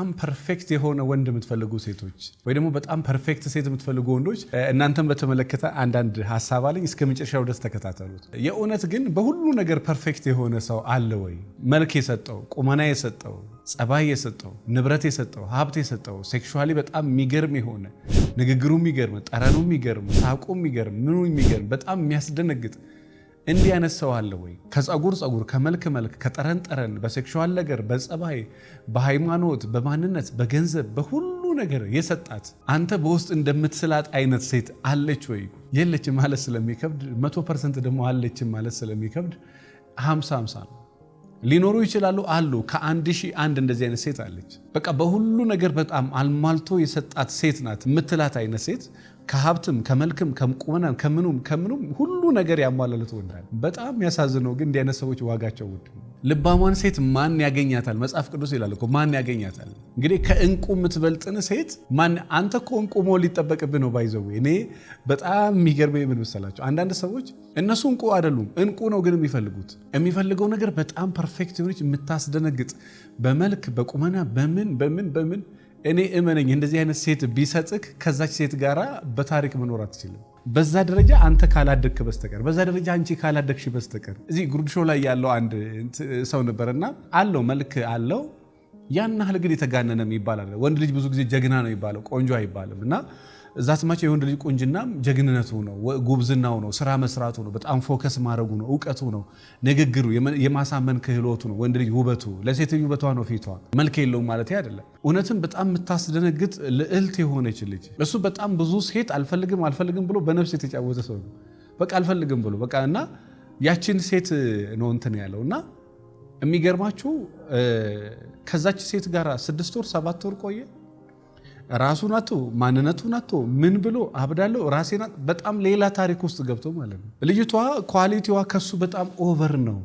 በጣም ፐርፌክት የሆነ ወንድ የምትፈልጉ ሴቶች ወይ ደግሞ በጣም ፐርፌክት ሴት የምትፈልጉ ወንዶች እናንተን በተመለከተ አንዳንድ ሀሳብ አለኝ። እስከ መጨረሻው ድረስ ተከታተሉት። የእውነት ግን በሁሉ ነገር ፐርፌክት የሆነ ሰው አለ ወይ? መልክ የሰጠው ቁመና የሰጠው ጸባይ የሰጠው ንብረት የሰጠው ሀብት የሰጠው ሴክሹዋሊ በጣም የሚገርም የሆነ ንግግሩ የሚገርም ጠረኑ የሚገርም ሳቁ የሚገርም ምኑ የሚገርም በጣም የሚያስደነግጥ እንዲህ አይነት ሰው አለ ወይ? ከጸጉር ጸጉር፣ ከመልክ መልክ፣ ከጠረን ጠረን፣ በሴክሹዋል ነገር፣ በጸባይ፣ በሃይማኖት፣ በማንነት፣ በገንዘብ፣ በሁሉ ነገር የሰጣት አንተ በውስጥ እንደምትስላት አይነት ሴት አለች ወይ? የለች ማለት ስለሚከብድ፣ መቶ ፐርሰንት ደግሞ አለች ማለት ስለሚከብድ ሀምሳ ነው። ሊኖሩ ይችላሉ አሉ። ከአንድ ሺህ አንድ እንደዚህ አይነት ሴት አለች። በቃ በሁሉ ነገር በጣም አልሟልቶ የሰጣት ሴት ናት የምትላት አይነት ሴት ከሀብትም ከመልክም ከቁመናም ከምኑም ከምኑም ሁሉ ነገር ያሟላለት ወዳል። በጣም የሚያሳዝነው ግን እንዲህ አይነት ሰዎች ዋጋቸው ውድ ልባሟን ሴት ማን ያገኛታል? መጽሐፍ ቅዱስ ይላል እኮ ማን ያገኛታል? እንግዲህ ከእንቁ የምትበልጥን ሴት ማን? አንተ እኮ እንቁ መሆን ሊጠበቅብህ ነው። ባይዘው እኔ በጣም የሚገርመኝ ምን መሰላቸው? አንዳንድ ሰዎች እነሱ እንቁ አይደሉም፣ እንቁ ነው ግን የሚፈልጉት። የሚፈልገው ነገር በጣም ፐርፌክት የሆነች የምታስደነግጥ በመልክ በቁመና በምን በምን በምን እኔ እመነኝ እንደዚህ አይነት ሴት ቢሰጥክ ከዛች ሴት ጋራ በታሪክ መኖር አትችልም። በዛ ደረጃ አንተ ካላደግክ በስተቀር በዛ ደረጃ አንቺ ካላደግሽ በስተቀር እዚህ ጉርድ ላይ ያለው አንድ ሰው ነበርና አለው መልክ አለው ያን ያህል ግን የተጋነነ ይባላል። ወንድ ልጅ ብዙ ጊዜ ጀግና ነው ይባለው ቆንጆ አይባልም እና እዛ ስማቸው የወንድ ልጅ ቁንጅና ጀግንነቱ ነው፣ ጉብዝናው ነው፣ ስራ መስራቱ ነው፣ በጣም ፎከስ ማድረጉ ነው፣ እውቀቱ ነው፣ ንግግሩ፣ የማሳመን ክህሎቱ ነው። ወንድ ልጅ ውበቱ ልጅ ውበቷ ነው ፊቷ። መልክ የለውም ማለት አይደለም። እውነትም በጣም የምታስደነግጥ ልዕልት የሆነች ልጅ። እሱ በጣም ብዙ ሴት አልፈልግም አልፈልግም ብሎ በነፍስ የተጫወተ ሰው ነው። በቃ አልፈልግም ብሎ በቃ እና ያችን ሴት ነው እንትን ያለው እና የሚገርማችሁ ከዛች ሴት ጋር ስድስት ወር ሰባት ወር ቆየ። ራሱን አቶ ማንነቱን አቶ ምን ብሎ ራሴ ራሴን በጣም ሌላ ታሪክ ውስጥ ገብቶ ማለት ነው። ልጅቷ ኳሊቲዋ ከሱ በጣም ኦቨር ነው።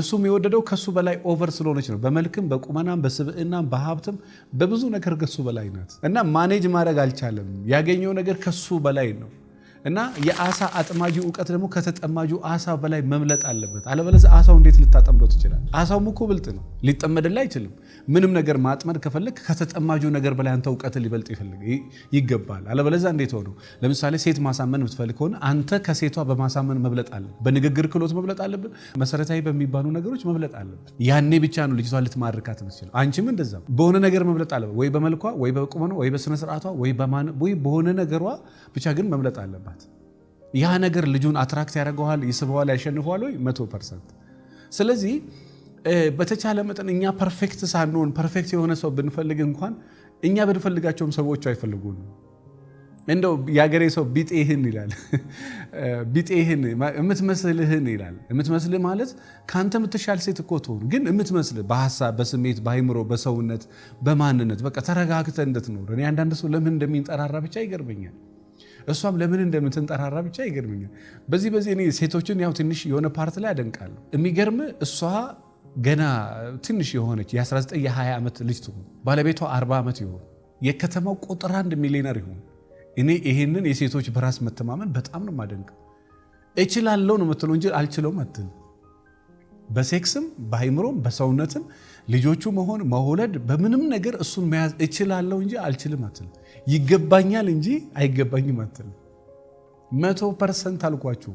እሱም የወደደው ከሱ በላይ ኦቨር ስለሆነች ነው። በመልክም፣ በቁመናም፣ በስብዕናም፣ በሀብትም በብዙ ነገር ከሱ በላይ ናት እና ማኔጅ ማድረግ አልቻለም። ያገኘው ነገር ከሱ በላይ ነው። እና የአሳ አጥማጁ እውቀት ደግሞ ከተጠማጁ አሳ በላይ መምለጥ አለበት። አለበለዚያ አሳው እንዴት ልታጠምደው ትችላል? አሳውም እኮ ብልጥ ነው፣ ሊጠመድልህ አይችልም። ምንም ነገር ማጥመድ ከፈለግ ከተጠማጁ ነገር በላይ አንተ እውቀት ሊበልጥ ይገባል። አለበለዚያ እንዴት ሆነው። ለምሳሌ ሴት ማሳመን የምትፈልግ ከሆነ አንተ ከሴቷ በማሳመን መብለጥ አለ፣ በንግግር ክህሎት መብለጥ አለብን፣ መሰረታዊ በሚባሉ ነገሮች መብለጥ አለብህ። ያኔ ብቻ ነው ልጅቷ ልትማርካት የምትችለው። አንቺም እንደዛ በሆነ ነገር መብለጥ አለ፣ ወይ በመልኳ፣ ወይ በቁመኗ፣ ወይ በስነስርዓቷ፣ ወይ በሆነ ነገሯ ብቻ ግን መብለጥ አለባት። ማግባት ያ ነገር ልጁን አትራክት ያደርገዋል፣ ይስበዋል፣ ያሸንፈዋል ወይ? መቶ ፐርሰንት። ስለዚህ በተቻለ መጠን እኛ ፐርፌክት ሳንሆን ፐርፌክት የሆነ ሰው ብንፈልግ እንኳን እኛ ብንፈልጋቸውም ሰዎቹ አይፈልጉም። እንደው የአገሬ ሰው ቢጤህን ይላል። ቢጤህን የምትመስልህን ይላል። የምትመስልህ ማለት ከአንተ የምትሻል ሴት እኮ ትሆን፣ ግን የምትመስልህ በሀሳብ በስሜት በአይምሮ በሰውነት በማንነት በቃ ተረጋግተህ እንድትኖር። እኔ አንዳንድ ሰው ለምን እንደሚንጠራራ ብቻ ይገርመኛል። እሷም ለምን እንደምትንጠራራ ብቻ ይገርምኛል። በዚህ በዚህ እኔ ሴቶችን ያው ትንሽ የሆነ ፓርት ላይ አደንቃለሁ። የሚገርም እሷ ገና ትንሽ የሆነች የ19 የ20 ዓመት ልጅ ትሆን፣ ባለቤቷ 40 ዓመት ይሆን፣ የከተማው ቁጥር አንድ ሚሊዮነር ይሆን። እኔ ይህንን የሴቶች በራስ መተማመን በጣም ነው የማደንቀው። እችላለሁ ነው የምትለው እንጂ አልችለውም አትልም። በሴክስም በአይምሮም በሰውነትም ልጆቹ መሆን መውለድ በምንም ነገር እሱን መያዝ እችላለሁ እንጂ አልችልም አትልም። ይገባኛል እንጂ አይገባኝም አትልም። መቶ ፐርሰንት አልኳችሁ።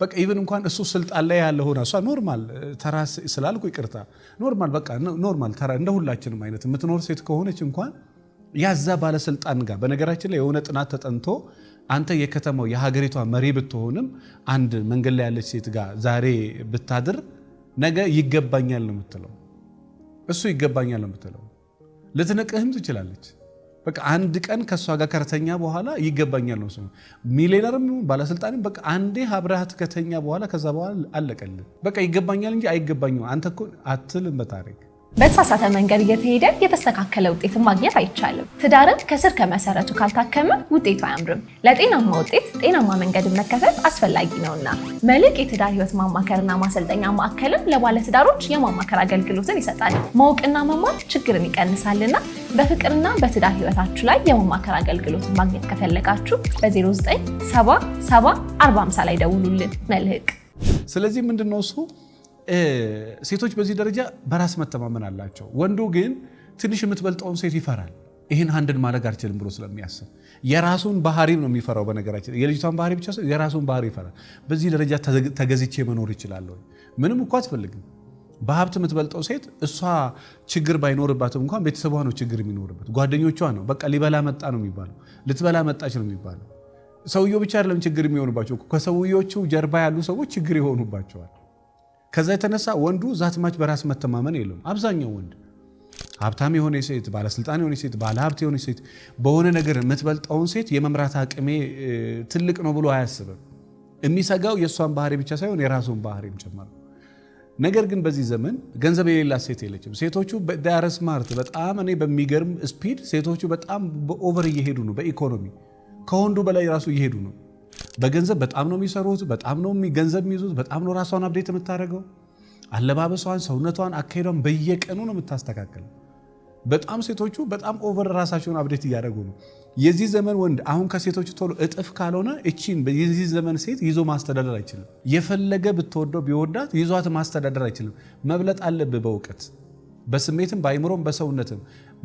በቃ ኢቨን እንኳን እሱ ስልጣን ላይ ያለ ሆነ እሷ ኖርማል ተራ ስላልኩ ይቅርታ፣ ኖርማል በቃ ኖርማል ተራ እንደ ሁላችንም አይነት የምትኖር ሴት ከሆነች እንኳን ያዛ ባለስልጣን ጋር በነገራችን ላይ የሆነ ጥናት ተጠንቶ አንተ የከተማው የሀገሪቷ መሪ ብትሆንም አንድ መንገድ ላይ ያለች ሴት ጋር ዛሬ ብታድር ነገ ይገባኛል ነው የምትለው፣ እሱ ይገባኛል ነው የምትለው። ልትንቅህም ትችላለች። በቃ አንድ ቀን ከእሷ ጋር ከተኛ በኋላ ይገባኛል ነው ሰው ባለስልጣንም በቃ አንዴ አብረሃት ከተኛ በኋላ ከዛ በኋላ አለቀልን። በቃ ይገባኛል እንጂ አይገባኝም አንተ እኮ አትልም በታሪክ በተሳሳተ መንገድ እየተሄደ የተስተካከለ ውጤትን ማግኘት አይቻልም። ትዳርን ከስር ከመሰረቱ ካልታከመ ውጤቱ አያምርም። ለጤናማ ውጤት ጤናማ መንገድን መከተል አስፈላጊ ነውና መልሕቅ የትዳር ህይወት ማማከርና ማሰልጠኛ ማዕከልም ለባለትዳሮች የማማከር አገልግሎትን ይሰጣል። ማወቅና መማር ችግርን ይቀንሳልና በፍቅርና በትዳር ህይወታችሁ ላይ የማማከር አገልግሎትን ማግኘት ከፈለጋችሁ በ0977 4050 ላይ ደውሉልን። መልሕቅ ስለዚህ ምንድን ነው እሱ ሴቶች በዚህ ደረጃ በራስ መተማመን አላቸው። ወንዱ ግን ትንሽ የምትበልጠውን ሴት ይፈራል። ይህን አንድን ማድረግ አልችልም ብሎ ስለሚያስብ የራሱን ባህሪ ነው የሚፈራው። በነገራችን የልጅቷን ባህሪ ብቻ የራሱን ባህሪ ይፈራል። በዚህ ደረጃ ተገዝቼ መኖር ይችላለ? ምንም እኮ አትፈልግም። በሀብት የምትበልጠው ሴት እሷ ችግር ባይኖርባትም እንኳን ቤተሰቧ ነው ችግር የሚኖርበት፣ ጓደኞቿ ነው። በቃ ሊበላ መጣ ነው የሚባለው፣ ልትበላ መጣች ነው የሚባለው። ሰውየው ብቻ አይደለም ችግር የሚሆንባቸው፣ ከሰውዮቹ ጀርባ ያሉ ሰዎች ችግር ይሆኑባቸዋል። ከዛ የተነሳ ወንዱ ዛትማች በራስ መተማመን የለውም። አብዛኛው ወንድ ሀብታም የሆነ ሴት፣ ባለስልጣን የሆነ ሴት፣ ባለሀብት የሆነ ሴት፣ በሆነ ነገር የምትበልጠውን ሴት የመምራት አቅሜ ትልቅ ነው ብሎ አያስብም። የሚሰጋው የእሷን ባህሪ ብቻ ሳይሆን የራሱን ባህሪም ጭምር። ነገር ግን በዚህ ዘመን ገንዘብ የሌላት ሴት የለችም። ሴቶቹ ዳያረ ስማርት በጣም እኔ በሚገርም ስፒድ ሴቶቹ በጣም በኦቨር እየሄዱ ነው። በኢኮኖሚ ከወንዱ በላይ ራሱ እየሄዱ ነው። በገንዘብ በጣም ነው የሚሰሩት፣ በጣም ነው ገንዘብ የሚይዙት፣ በጣም ነው ራሷን አብዴት የምታደርገው። አለባበሷን፣ ሰውነቷን፣ አካሄዷን በየቀኑ ነው የምታስተካከል። በጣም ሴቶቹ በጣም ኦቨር ራሳቸውን አብዴት እያደረጉ ነው። የዚህ ዘመን ወንድ አሁን ከሴቶቹ ቶሎ እጥፍ ካልሆነ እቺን የዚህ ዘመን ሴት ይዞ ማስተዳደር አይችልም። የፈለገ ብትወደው ቢወዳት ይዟት ማስተዳደር አይችልም። መብለጥ አለብህ በእውቀት በስሜትም በአይምሮም በሰውነትም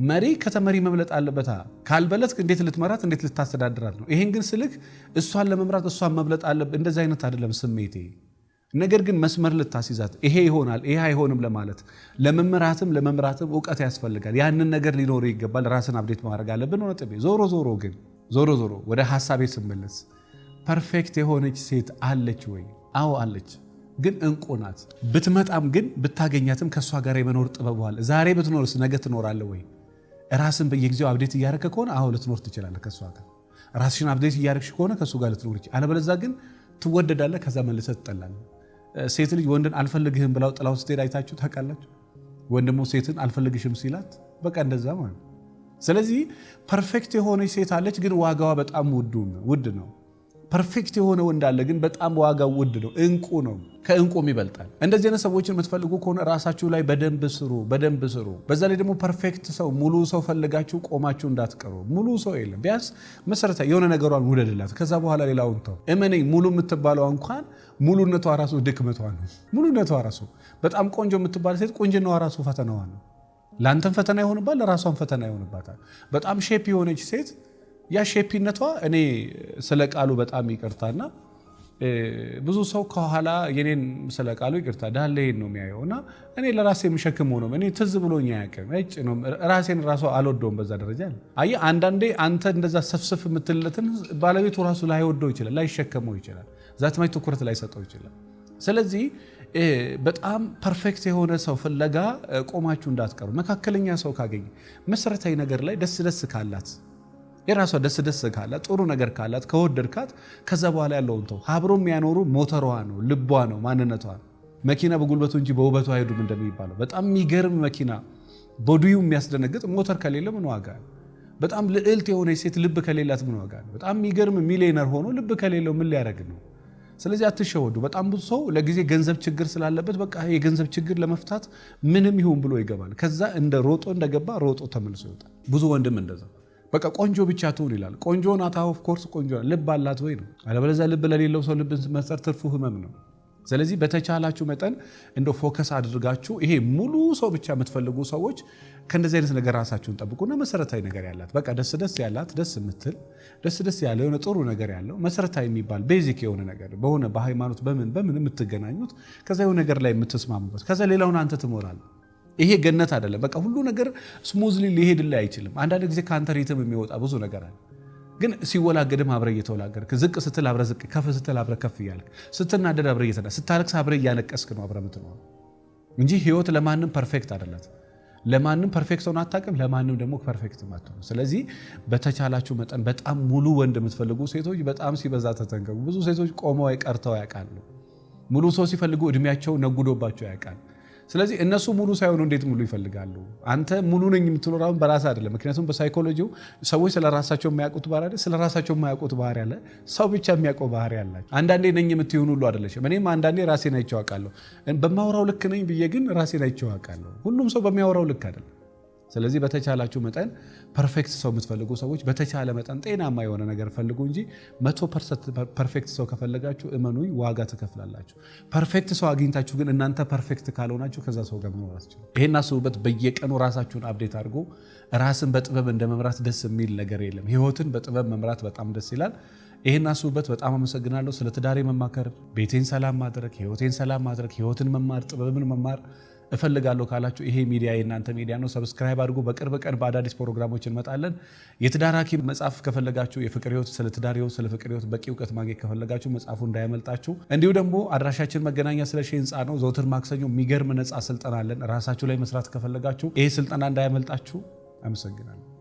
መሪ ከተመሪ መብለጥ አለበታ። ካልበለጥ እንዴት ልትመራት እንዴት ልታስተዳድራት ነው? ይሄን ግን ስልክ እሷን ለመምራት እሷን መብለጥ አለበ እንደዚህ አይነት አይደለም ስሜቴ። ነገር ግን መስመር ልታስይዛት ይሄ ይሆናል ይሄ አይሆንም ለማለት ለመምራትም ለመምራትም እውቀት ያስፈልጋል። ያንን ነገር ሊኖር ይገባል። ራስን አብዴት ማድረግ አለብን። ነጥቤ ዞሮ ዞሮ ግን ዞሮ ዞሮ ወደ ሀሳቤ ስመለስ ፐርፌክት የሆነች ሴት አለች ወይ? አዎ አለች። ግን እንቁ ናት። ብትመጣም ግን ብታገኛትም ከእሷ ጋር የመኖር ጥበቧል። ዛሬ ብትኖርስ ነገ ትኖራለ ወይ? ራስን በየጊዜው አብዴት እያደረገ ከሆነ አሁ ልትኖር ትችላለ ከእሷ ጋር። ራስሽን አብዴት እያደረግሽ ከሆነ ከእሱ ጋር ልትኖር ይችላል። አለበለዚያ ግን ትወደዳለ ከዛ መልሰ ትጠላለ። ሴት ልጅ ወንድን አልፈልግህም ብላው ጥላው ስትሄድ አይታችሁ ታውቃላችሁ? ወይም ደግሞ ሴትን አልፈልግሽም ሲላት በቃ እንደዛ ማለት። ስለዚህ ፐርፌክት የሆነች ሴት አለች፣ ግን ዋጋዋ በጣም ውድ ነው። ፐርፌክት የሆነ ወንድ አለ፣ ግን በጣም ዋጋው ውድ ነው። እንቁ ነው፣ ከእንቁም ይበልጣል። እንደዚህ አይነት ሰዎችን የምትፈልጉ ከሆነ ራሳችሁ ላይ በደንብ ስሩ፣ በደንብ ስሩ። በዛ ላይ ደግሞ ፐርፌክት ሰው፣ ሙሉ ሰው ፈልጋችሁ ቆማችሁ እንዳትቀሩ። ሙሉ ሰው የለም። ቢያንስ መሰረታዊ የሆነ ነገሯን ውደድላት፣ ከዛ በኋላ ሌላውን ተው። እመነኝ፣ ሙሉ የምትባለው እንኳን ሙሉነቷ ራሱ ድክመቷ ነው። ሙሉነቷ ራሱ በጣም ቆንጆ የምትባለ ሴት ቆንጅናዋ ራሱ ፈተናዋ ነው። ለአንተም ፈተና ይሆንባል፣ ለራሷን ፈተና ይሆንባታል። በጣም ሼፕ የሆነች ሴት ያ ሼፒነቷ እኔ ስለ ቃሉ በጣም ይቅርታና ብዙ ሰው ከኋላ የኔን ስለ ቃሉ ይቅርታ ዳሌን ነው የሚያየው እና እኔ ለራሴ የምሸክም ሆኖ እኔ ትዝ ብሎኝ አያውቅም። ነው ራሴን ራሱ አልወደውም። በዛ ደረጃ አየህ፣ አንዳንዴ አንተ እንደዛ ሰፍሰፍ የምትልለትን ባለቤቱ ራሱ ላይወደው ይችላል፣ ላይሸከመው ይችላል፣ ዛትማች ትኩረት ላይሰጠው ይችላል። ስለዚህ በጣም ፐርፌክት የሆነ ሰው ፍለጋ ቆማችሁ እንዳትቀሩ። መካከለኛ ሰው ካገኘ መሰረታዊ ነገር ላይ ደስ ደስ ካላት የራሷ ደስ ደስ ካላት ጥሩ ነገር ካላት ከወደድካት፣ ከዛ በኋላ ያለውን ተው። አብሮ የሚያኖሩ ሞተሯ ነው፣ ልቧ ነው፣ ማንነቷ ነው። መኪና በጉልበቱ እንጂ በውበቱ አይሄዱም እንደሚባለው በጣም የሚገርም መኪና በዱዩ የሚያስደነግጥ ሞተር ከሌለ ምን ዋጋ ነው? በጣም ልዕልት የሆነ ሴት ልብ ከሌላት ምን ዋጋ ነው? በጣም የሚገርም ሚሊዮነር ሆኖ ልብ ከሌለው ምን ሊያደርግ ነው? ስለዚህ አትሸወዱ። በጣም ብዙ ሰው ለጊዜ ገንዘብ ችግር ስላለበት በቃ የገንዘብ ችግር ለመፍታት ምንም ይሁን ብሎ ይገባል። ከዛ እንደ ሮጦ እንደገባ ሮጦ ተመልሶ ይወጣል። ብዙ ወንድም እንደዛ በቃ ቆንጆ ብቻ ትሁን ይላል። ቆንጆ ናታ ኦፍ ኮርስ ቆንጆ ልብ አላት ወይ ነው። አለበለዚያ ልብ ለሌለው ሰው ልብ መስጠት ትርፉ ህመም ነው። ስለዚህ በተቻላችሁ መጠን እንደ ፎከስ አድርጋችሁ ይሄ ሙሉ ሰው ብቻ የምትፈልጉ ሰዎች ከእንደዚህ አይነት ነገር ራሳችሁን ጠብቁና መሰረታዊ ነገር ያላት በቃ ደስ ደስ ያላት ደስ የምትል ደስ ደስ ያለ የሆነ ጥሩ ነገር ያለው መሰረታዊ የሚባል ቤዚክ የሆነ ነገር በሆነ በሃይማኖት በምን በምን የምትገናኙት ከዛ የሆነ ነገር ላይ የምትስማሙበት ከዛ ሌላውን አንተ ትሞራለህ ይሄ ገነት አይደለም። በቃ ሁሉ ነገር ስሙዝሊ ሊሄድልህ አይችልም። አንዳንድ ጊዜ ከአንተ ሪትም የሚወጣ ብዙ ነገር አለ። ግን ሲወላገድም አብረ እየተወላገድክ ዝቅ ስትል አብረ ዝቅ፣ ከፍ ስትል አብረ ከፍ እያልክ፣ ስትናደድ አብረ እየተና ስታለቅስ አብረ እያነቀስክ ነው አብረ ምትኖር እንጂ ህይወት ለማንም ፐርፌክት አይደላት። ለማንም ፐርፌክት ሆነ አታውቅም። ለማንም ደግሞ ፐርፌክት አትሆኑ። ስለዚህ በተቻላችሁ መጠን በጣም ሙሉ ወንድ የምትፈልጉ ሴቶች በጣም ሲበዛ ተጠንቀቁ። ብዙ ሴቶች ቆመው ቀርተው ያውቃሉ። ሙሉ ሰው ሲፈልጉ እድሜያቸው ነጉዶባቸው ያውቃል። ስለዚህ እነሱ ሙሉ ሳይሆኑ እንዴት ሙሉ ይፈልጋሉ? አንተ ሙሉ ነኝ የምትኖር በራስ አይደለም። ምክንያቱም በሳይኮሎጂው ሰዎች ስለ ራሳቸው የሚያውቁት ባህሪ አለ፣ ስለ ራሳቸው የማያውቁት ባህሪ አለ፣ ሰው ብቻ የሚያውቀው ባህሪ አላቸው። አንዳንዴ ነኝ የምትሆኑ ሁሉ አይደለሽም። እኔም አንዳንዴ ራሴን አይቼው አውቃለሁ። በማውራው ልክ ነኝ ብዬ ግን ራሴን አይቼው አውቃለሁ። ሁሉም ሰው በሚያወራው ልክ አይደለም። ስለዚህ በተቻላችሁ መጠን ፐርፌክት ሰው የምትፈልጉ ሰዎች በተቻለ መጠን ጤናማ የሆነ ነገር ፈልጉ እንጂ መቶ ፐርፌክት ሰው ከፈለጋችሁ እመኑ ዋጋ ትከፍላላችሁ። ፐርፌክት ሰው አግኝታችሁ ግን እናንተ ፐርፌክት ካልሆናችሁ ከዛ ሰው ጋር መኖር አትችሉ። ይህን አስቡበት። በየቀኑ ራሳችሁን አብዴት አድርጎ ራስን በጥበብ እንደ መምራት ደስ የሚል ነገር የለም። ህይወትን በጥበብ መምራት በጣም ደስ ይላል። ይህን አስቡበት። በጣም አመሰግናለሁ። ስለ ትዳሬ መማከር፣ ቤቴን ሰላም ማድረግ፣ ህይወቴን ሰላም ማድረግ፣ ህይወትን መማር፣ ጥበብን መማር እፈልጋለሁ ካላችሁ ይሄ ሚዲያ የእናንተ ሚዲያ ነው። ሰብስክራይብ አድርጉ። በቅርብ ቀን በአዳዲስ ፕሮግራሞች እንመጣለን። የትዳር ሐኪም መጽሐፍ ከፈለጋችሁ የፍቅር ህይወት፣ ስለ ትዳር ህይወት፣ ስለ ፍቅር ህይወት በቂ እውቀት ማግኘት ከፈለጋችሁ መጽሐፉ እንዳያመልጣችሁ። እንዲሁ ደግሞ አድራሻችን መገናኛ ስለ ሺ ህንፃ ነው። ዘውትር ማክሰኞ የሚገርም ነፃ ስልጠና አለን። ራሳችሁ ላይ መስራት ከፈለጋችሁ ይሄ ስልጠና እንዳያመልጣችሁ። አመሰግናለሁ።